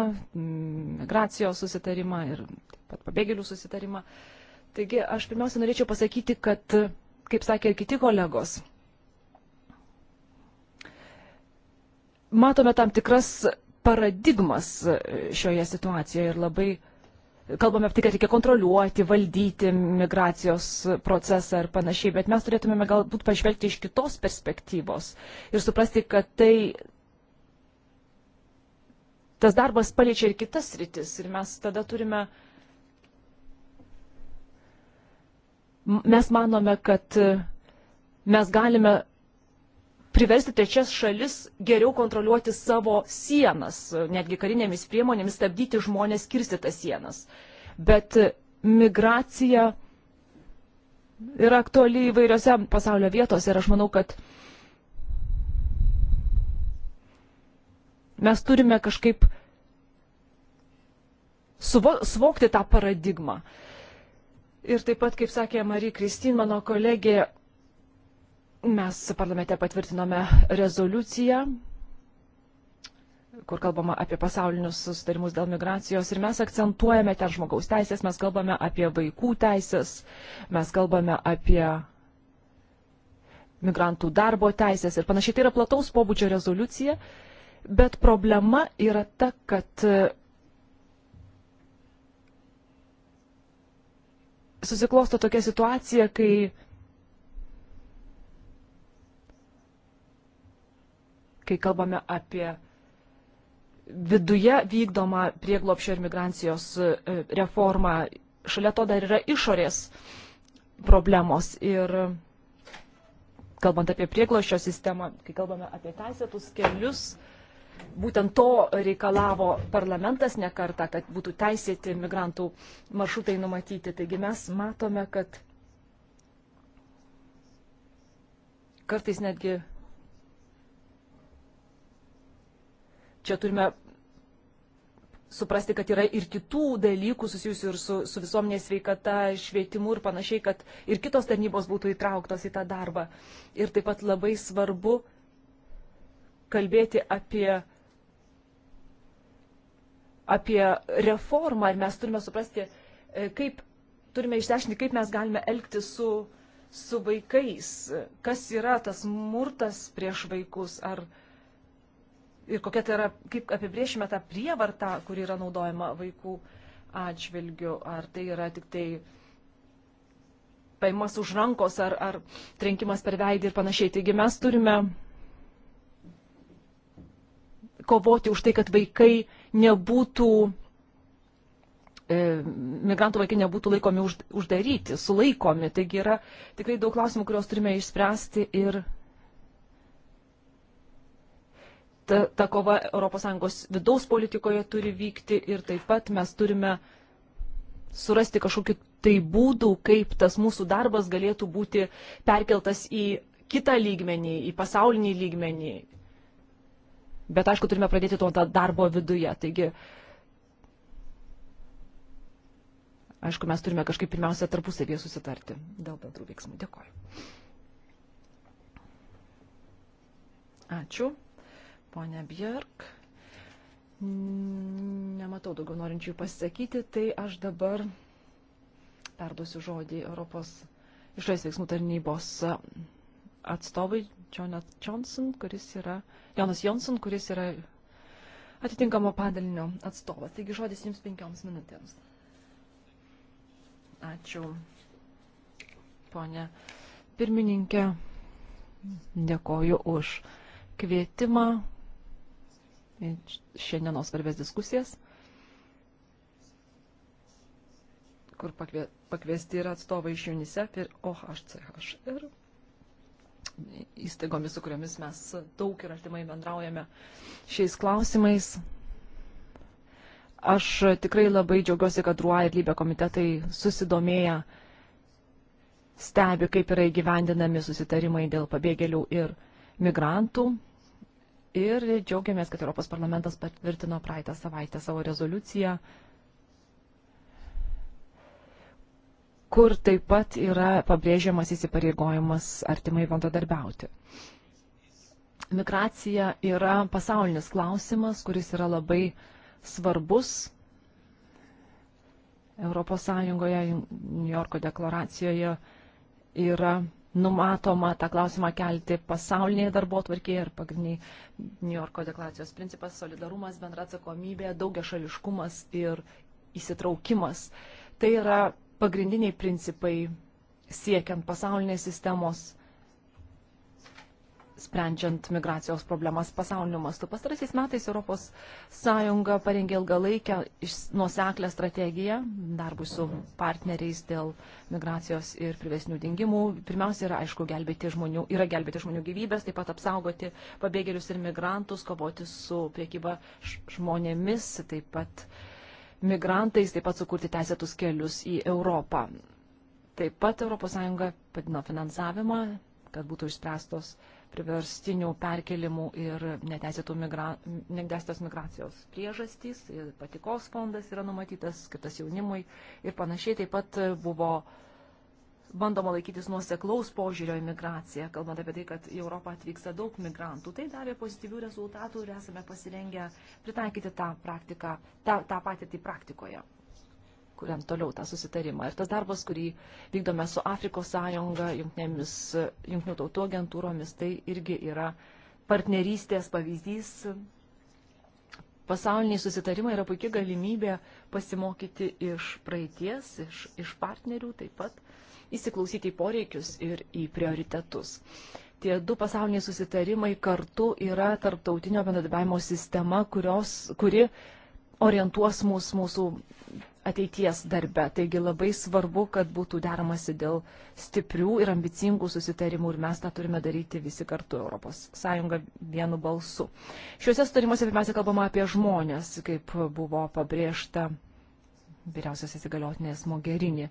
migracijos susitarimą ir taip pat pabėgėlių susitarimą. Taigi aš pirmiausia norėčiau pasakyti, kad kaip sakė ir kiti kolegos, matome tam tikras paradigmas e, šioje situacijoje ir labai kalbame apie tai, kad reikia kontroliuoti, valdyti migracijos procesą ir panašiai, bet mes turėtumėme galbūt pažvelgti iš kitos perspektyvos ir suprasti, kad tai tas darbas paliečia ir kitas rytis ir mes tada turime uh, mes manome, kad e, mes galime priversti trečias šalis geriau kontroliuoti savo sienas, netgi karinėmis priemonėmis stabdyti žmonės kirsti tas sienas. Bet e, migracija yra aktuali įvairiose pasaulio vietose ir aš manau, kad mes turime kažkaip suvo, suvokti tą paradigmą. Uh, Ir taip pat, kaip sakė Marija Kristin, mano kolegė, mes parlamente patvirtinome rezoliuciją, kur kalbama apie pasaulinius sustarimus dėl migracijos ir mes akcentuojame ten žmogaus teisės, mes kalbame apie vaikų teisės, mes kalbame apie migrantų darbo teisės ir panašiai. Tai yra plataus pobūdžio rezoliucija, bet problema yra ta, kad susiklosto tokia situacija, kai kai kalbame apie viduje vykdomą prieglopšio ir migrancijos e, reformą, šalia to dar yra išorės problemos. Ir kalbant apie prieglopšio sistemą, kai kalbame apie teisėtus kelius, uh, Būtent to reikalavo parlamentas nekarta, kad būtų teisėti migrantų maršrutai numatyti. Taigi mes matome, kad kartais netgi čia turime suprasti, kad yra ir kitų dalykų susijusių ir su, su visuomenės sveikata, švietimu ir panašiai, kad ir kitos tarnybos būtų įtrauktos į tą darbą. Ir taip pat labai svarbu kalbėti apie, apie reformą ir mes turime suprasti, e, kaip turime išsiaiškinti, kaip mes galime elgtis su, su vaikais, kas yra tas smurtas prieš vaikus ar, ir kokia tai yra, kaip apibriešime tą prievartą, kuri yra naudojama vaikų atžvilgiu, ar tai yra tik tai paimas už rankos ar, ar trenkimas per veidį ir panašiai. Taigi mes turime kovoti už tai, kad vaikai nebūtų, e, migrantų vaikai nebūtų laikomi už, uždaryti, sulaikomi. Taigi yra tikrai daug klausimų, kuriuos turime išspręsti ir ta, ta kova ES vidaus politikoje turi vykti ir taip pat mes turime surasti kažkokiu tai būdu, kaip tas mūsų darbas galėtų būti perkeltas į kitą lygmenį, į pasaulinį lygmenį, Bet aišku, turime pradėti to darbo viduje. Taigi, aišku, mes turime kažkaip pirmiausia tarpusavėje susitarti dėl bendrų veiksmų. Dėkoju. Ačiū. Pone Björk. Nematau daugiau norinčių pasakyti, tai aš dabar perduosiu žodį Europos išorės veiksmų tarnybos atstovai Johnson, kuris yra, Jonas Johnson, kuris yra atitinkamo padalinio atstovas. Taigi žodis jums penkioms minutėms. Ačiū, ponė pirmininkė. Dėkoju už kvietimą į šiandienos svarbės diskusijas, kur pakviesti yra atstovai iš UNICEF ir OHCHR įstaigomis, su kuriomis mes daug ir artimai bendraujame šiais klausimais. Aš tikrai labai džiaugiuosi, kad RUA ir Lybė komitetai susidomėję stebi, kaip yra įgyvendinami susitarimai dėl pabėgėlių ir migrantų. Ir džiaugiamės, kad Europos parlamentas patvirtino praeitą savaitę savo rezoliuciją kur taip pat yra pabrėžiamas įsipareigojimas artimai bendradarbiauti. Migracija yra pasaulinis klausimas, kuris yra labai svarbus. ES New Yorko deklaracijoje yra numatoma tą klausimą kelti pasaulinėje darbo tvarkėje ir pagrindiniai New Yorko deklaracijos principas - solidarumas, bendra atsakomybė, daugia šališkumas ir įsitraukimas. Tai yra pagrindiniai principai siekiant pasaulinės sistemos, sprendžiant migracijos problemas pasauliniu mastu. Pastaraisiais metais ES parengė ilgalaikę nuoseklę strategiją darbui su partneriais dėl migracijos ir privesnių dingimų. Pirmiausia, yra, aišku, gelbėti žmonių, yra gelbėti žmonių gyvybės, taip pat apsaugoti pabėgėlius ir migrantus, kovoti su priekyba žmonėmis, taip pat uh, migrantais, taip pat sukurti teisėtus kelius į Europą. Taip pat ES padino finansavimą, kad būtų išspręstos priverstinių perkelimų ir neteisėtos migra... migracijos priežastys, patikos fondas yra numatytas, skirtas jaunimui ir panašiai. Taip pat buvo uh, bandoma laikytis nuoseklaus požiūrio į migraciją, kalbant apie tai, kad į Europą atvyksta daug migrantų. Tai davė pozityvių rezultatų ir esame pasirengę pritaikyti tą, praktiką, tą, tą patirtį praktikoje, kuriant toliau tą susitarimą. Ir tas darbas, kurį vykdome su Afrikos sąjunga, jungtinių tautų agentūromis, tai irgi yra partnerystės pavyzdys. Pasauliniai susitarimai yra puikia galimybė pasimokyti iš praeities, iš, iš partnerių taip pat įsiklausyti į poreikius ir į prioritetus. Tie du pasauliniai susitarimai kartu yra tarptautinio bendradarbiavimo sistema, kurios, kuri orientuos mus mūsų ateities darbe. Taigi labai svarbu, kad būtų deramasi dėl stiprių ir ambicingų susitarimų ir mes tą turime daryti visi kartu ES vienu balsu. Šiuose sutarimuose pirmiausia kalbama apie žmonės, kaip buvo pabrėžta vyriausiasis įgaliotinės Mogerinė.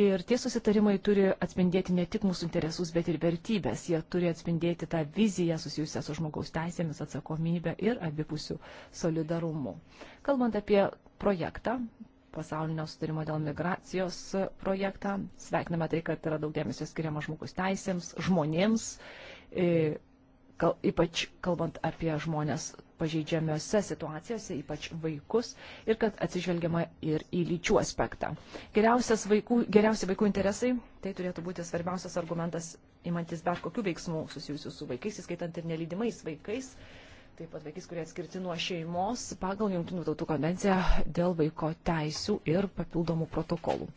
Ir tie susitarimai turi atspindėti ne tik mūsų interesus, bet ir vertybės. Jie turi atspindėti tą viziją susijusią su žmogaus teisėmis, atsakomybę ir abipusių solidarumu. Kalbant apie projektą, pasaulinio sutarimo dėl migracijos projektą, sveikiname tai, kad yra daug dėmesio skiriama žmogus teisėms, žmonėms, e, ypač kalbant apie žmonės pažeidžiamiose situacijose, ypač vaikus, ir kad atsižvelgiama ir į lyčių aspektą. Vaikų, geriausi vaikų interesai - tai turėtų būti svarbiausias argumentas imantis bet kokių veiksmų susijusių su vaikais, įskaitant ir nelydimais vaikais, taip pat vaikais, kurie atskirti nuo šeimos pagal Junktinių tautų konvenciją dėl vaiko teisų ir papildomų protokolų.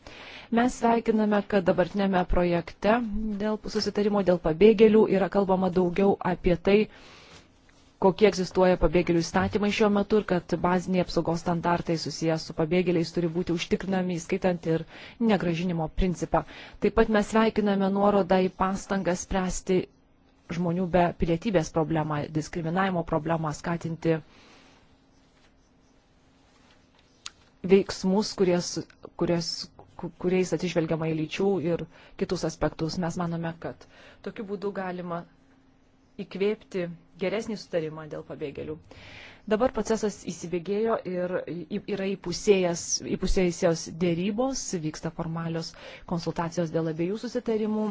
Mes sveikiname, kad dabartinėme projekte dėl susitarimo dėl pabėgėlių yra kalbama daugiau apie tai, kokie egzistuoja pabėgėlių įstatymai šiuo metu ir kad baziniai apsaugos standartai susijęs su pabėgėliais turi būti užtikrinami, įskaitant ir negražinimo principą. Taip pat mes sveikiname nuorodą į pastangą spręsti žmonių be pilietybės problemą, diskriminavimo problemą, skatinti veiksmus, kuries, kuries, kuriais atsižvelgiama į lyčių ir kitus aspektus. Mes manome, kad tokiu būdu galima įkvėpti geresnį sutarimą dėl pabėgėlių. Dabar procesas įsibėgėjo ir yra įpusėjusios dėrybos, vyksta formalios konsultacijos dėl abiejų susitarimų.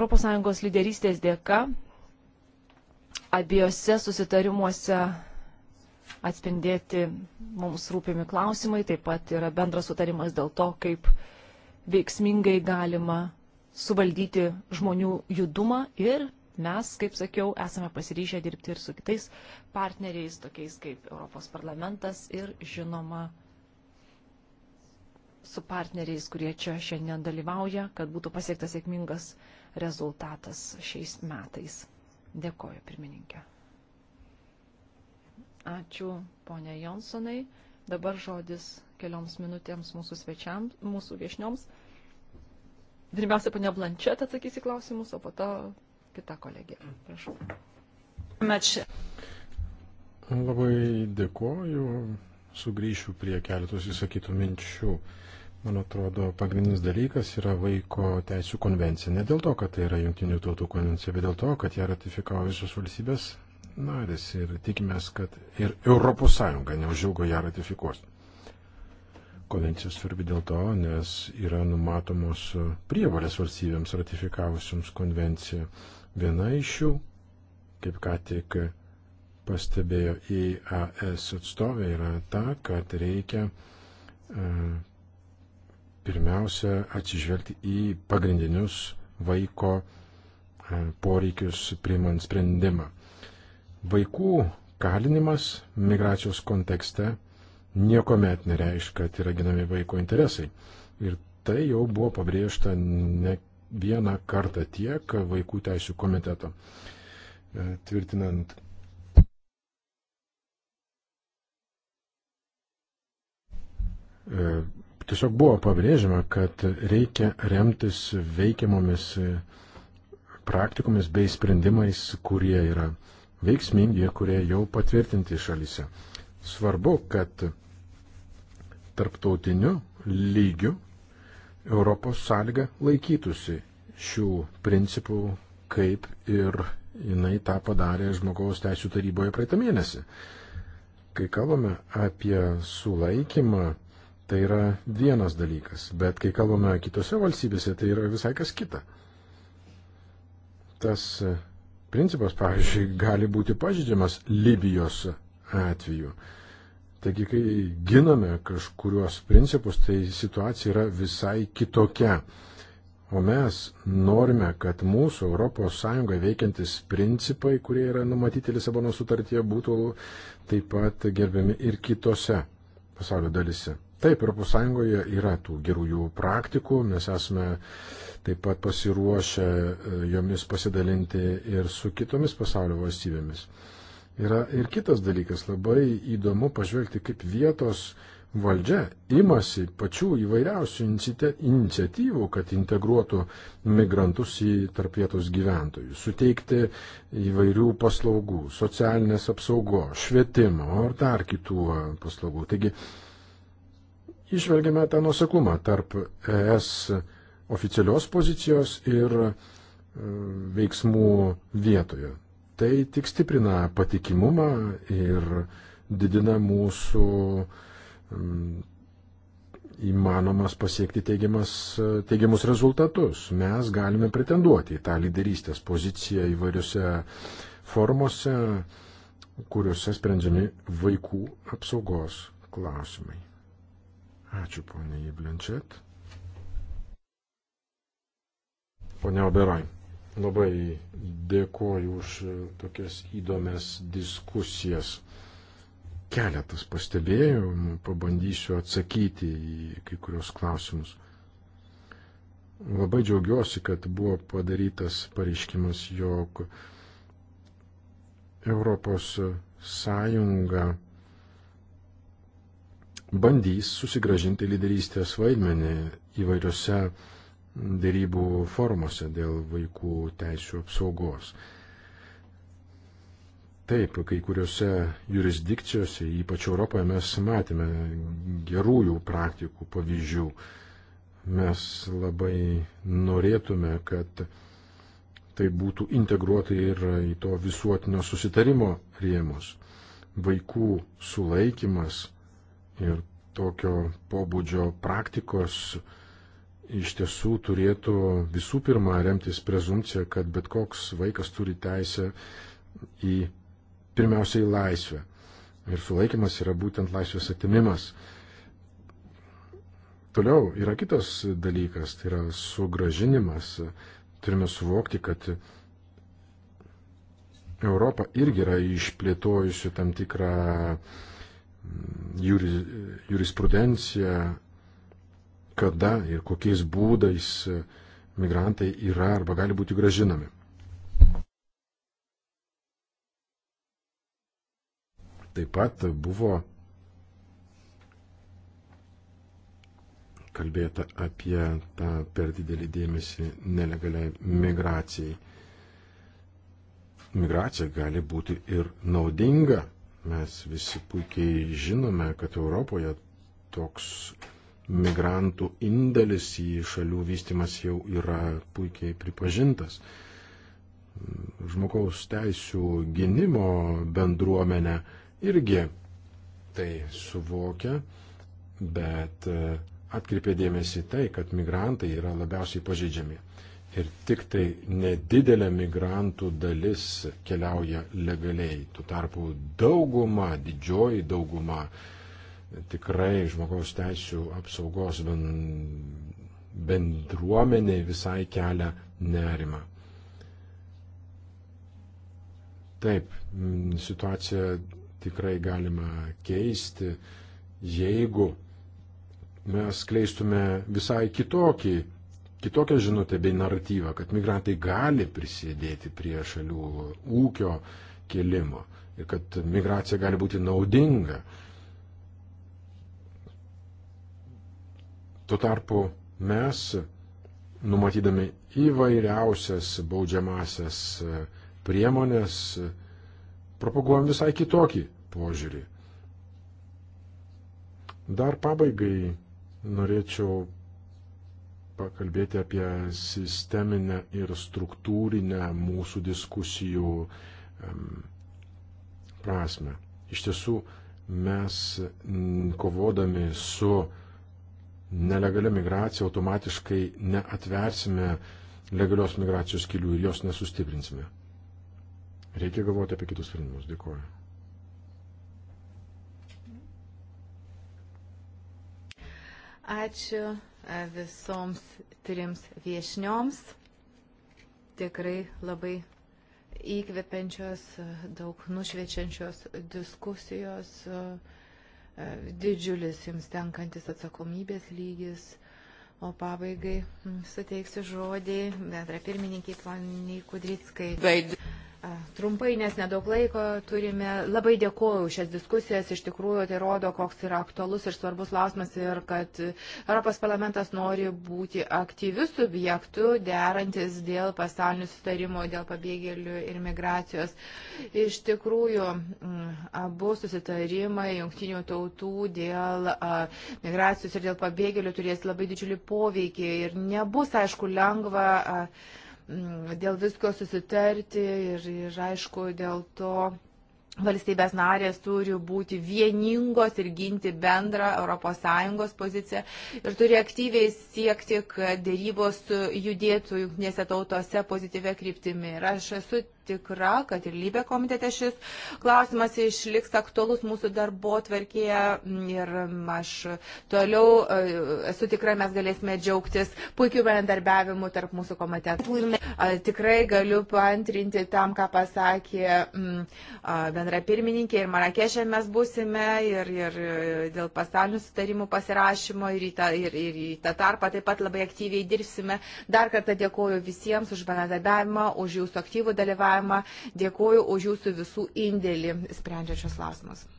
ES lyderystės dėka abiejose susitarimuose atspindėti mums rūpimi klausimai, taip pat yra bendras sutarimas dėl to, kaip veiksmingai galima suvaldyti žmonių judumą ir mes, kaip sakiau, esame pasiryžę dirbti ir su kitais partneriais, tokiais kaip Europos parlamentas ir, žinoma, su partneriais, kurie čia šiandien dalyvauja, kad būtų pasiektas sėkmingas rezultatas šiais metais. Dėkoju, pirmininkė. Ačiū, ponia Jonsonai. Dabar žodis kelioms minutėms mūsų svečiams, mūsų viešnioms. Pirmiausia, ponia Blančet atsakys į klausimus, o po to kita kolegė. Prašau. Ačiū. Labai dėkoju. Sugryšiu prie keletos įsakytų minčių. Man atrodo, pagrindinis dalykas yra vaiko teisų konvencija. Ne dėl to, kad tai yra jungtinių tautų konvencija, bet dėl to, kad ją ratifikavo visos valstybės narės ir tikimės, kad ir ES neužilgo ją ratifikuos. Konvencija svarbi dėl to, nes yra numatomos prievalės valstybėms ratifikavusiams konvenciją Viena iš jų, kaip ką tik pastebėjo IAS e atstovė, yra ta, kad reikia e, pirmiausia atsižvelgti į pagrindinius vaiko e, poreikius priimant sprendimą. Vaikų kalinimas migracijos kontekste nieko met nereiškia, kad yra ginami vaiko interesai. Ir tai jau buvo pabrėžta ne vieną kartą tiek vaikų teisų komiteto e, tvirtinant. E, tiesiog buvo pabrėžiama, kad reikia remtis veikiamomis e, praktikomis bei sprendimais, kurie yra veiksmingi, kurie jau patvirtinti šalyse. Svarbu, kad tarptautiniu lygiu Europos sąlyga laikytųsi šių principų, kaip ir jinai tą padarė žmogaus teisų taryboje praeitą mėnesį. Kai kalbame apie sulaikymą, tai yra vienas dalykas, bet kai kalbame kitose valstybėse, tai yra visai kas kita. Tas e, principas, pavyzdžiui, gali būti pažydžiamas Libijos atveju. Taigi, kai giname kažkuriuos principus, tai situacija yra visai kitokia. O mes norime, kad mūsų ES veikiantis principai, kurie yra numatyti Lisabono sutartyje, būtų taip pat gerbiami ir kitose pasaulio dalise. Taip, ES yra tų gerųjų praktikų, mes esame taip pat pasiruošę e, jomis pasidalinti ir su kitomis pasaulio valstybėmis. Yra ir kitas dalykas, labai įdomu pažvelgti, kaip vietos valdžia imasi pačių įvairiausių iniciatyvų, kad integruotų migrantus į tarp vietos gyventojų, suteikti įvairių paslaugų, socialinės apsaugos, švietimo ar dar kitų paslaugų. Taigi, išvelgiame tą nuseklumą tarp ES oficialios pozicijos ir e, veiksmų vietoje. Tai tik stiprina patikimumą ir didina mūsų mm, įmanomas pasiekti teigiamus rezultatus. Mes galime pretenduoti į tą lyderystės poziciją įvairiose formose, kuriuose sprendžiami vaikų apsaugos klausimai. Ačiū, ponė Jiblenčet. Ponė Oberoj. Labai dėkoju už tokias įdomias diskusijas. Keletas pastebėjimų, nu, pabandysiu atsakyti į kai kurios klausimus. Labai džiaugiuosi, kad buvo padarytas pareiškimas, jog Europos Sąjunga bandys susigražinti lyderystės vaidmenį įvairiose dėrybų formuose dėl vaikų teisų apsaugos. Taip, kai kuriuose jurisdikcijose, ypač Europoje, mes matėme gerųjų praktikų pavyzdžių. Mes labai norėtume, kad tai būtų integruota ir į to visuotinio susitarimo rėmus. Vaikų sulaikimas ir tokio pobūdžio praktikos uh, iš tiesų turėtų visų pirma remtis prezumcija, kad bet koks vaikas turi teisę į pirmiausia į laisvę. Ir sulaikimas yra būtent laisvės atimimas. Toliau yra kitas dalykas, tai yra sugražinimas. Turime suvokti, kad Europa irgi yra išplėtojusi tam tikrą mm, juris, jurisprudenciją, kada ir kokiais būdais migrantai yra arba gali būti gražinami. Taip pat buvo kalbėta apie tą per didelį dėmesį nelegaliai migracijai. Migracija gali būti ir naudinga. Mes visi puikiai žinome, kad Europoje toks migrantų indėlis į šalių vystimas jau yra puikiai pripažintas. Žmogaus teisų gynimo bendruomenė irgi tai suvokia, bet e, atkreipė dėmesį tai, kad migrantai yra labiausiai pažeidžiami. Ir tik tai nedidelė migrantų dalis keliauja legaliai. Tuo tarpu dauguma, didžioji dauguma, uh, tikrai žmogaus teisų apsaugos bendruomeniai visai kelia nerima. Taip, situaciją tikrai galima keisti, jeigu mes kleistume visai kitokį, kitokią žinutę bei naratyvą, kad migrantai gali prisidėti prie šalių ūkio kelimo ir kad migracija gali būti naudinga. Uh, Tuo tarpu mes, numatydami įvairiausias baudžiamasias e, priemonės, propaguojam visai kitokį požiūrį. Dar pabaigai norėčiau pakalbėti apie sisteminę ir struktūrinę mūsų diskusijų prasme. Iš tiesų, mes kovodami su nelegalia migracija automatiškai neatversime legalios migracijos kelių ir jos nesustiprinsime. Reikia galvoti apie kitus sprendimus. Dėkuoju. Ačiū e, visoms trims viešnioms. Tikrai labai įkvepiančios, daug nušviečiančios diskusijos. Uh, E, didžiulis jums tenkantis atsakomybės lygis. O pabaigai suteiksiu žodį bendra pirmininkiai poniai Kudrickai. Vaid. Trumpai, nes nedaug laiko turime. Labai dėkuoju šias diskusijas. Iš tikrųjų, tai rodo, koks yra aktualus ir svarbus klausimas ir kad Europos parlamentas nori būti aktyviu subjektu, derantis dėl pasaulinių sustarimų, dėl pabėgėlių ir migracijos. Iš tikrųjų, abu susitarimai jungtinių tautų dėl migracijos ir dėl pabėgėlių turės labai didžiulį poveikį ir nebus, aišku, lengva. A, Mm, dėl visko susitarti ir, ir aišku, dėl to valstybės narės turi būti vieningos ir ginti bendrą ES poziciją ir turi aktyviai siekti, kad dėrybos judėtų jungtinėse tautose pozityvę kryptimi. Ir aš esu tikra, kad ir lybė komitete šis klausimas išliks aktualus mūsų darbo tvarkėje ir aš toliau e, esu tikra, mes galėsime džiaugtis puikiu bendarbiavimu tarp mūsų komitetų. Tikrai galiu paantrinti tam, ką pasakė mm, bendra pirmininkė ir Marakešė mes būsime ir, ir e, dėl pasaulinių sutarimų pasirašymo ir į, tą, ir, ir į tą tarpą taip pat labai aktyviai dirbsime. Dar kartą dėkoju visiems už bendradarbiavimą, už jūsų aktyvų dalyvavimą bendradarbiavimą. Dėkuoju už jūsų visų indėlį sprendžiant šios klausimus.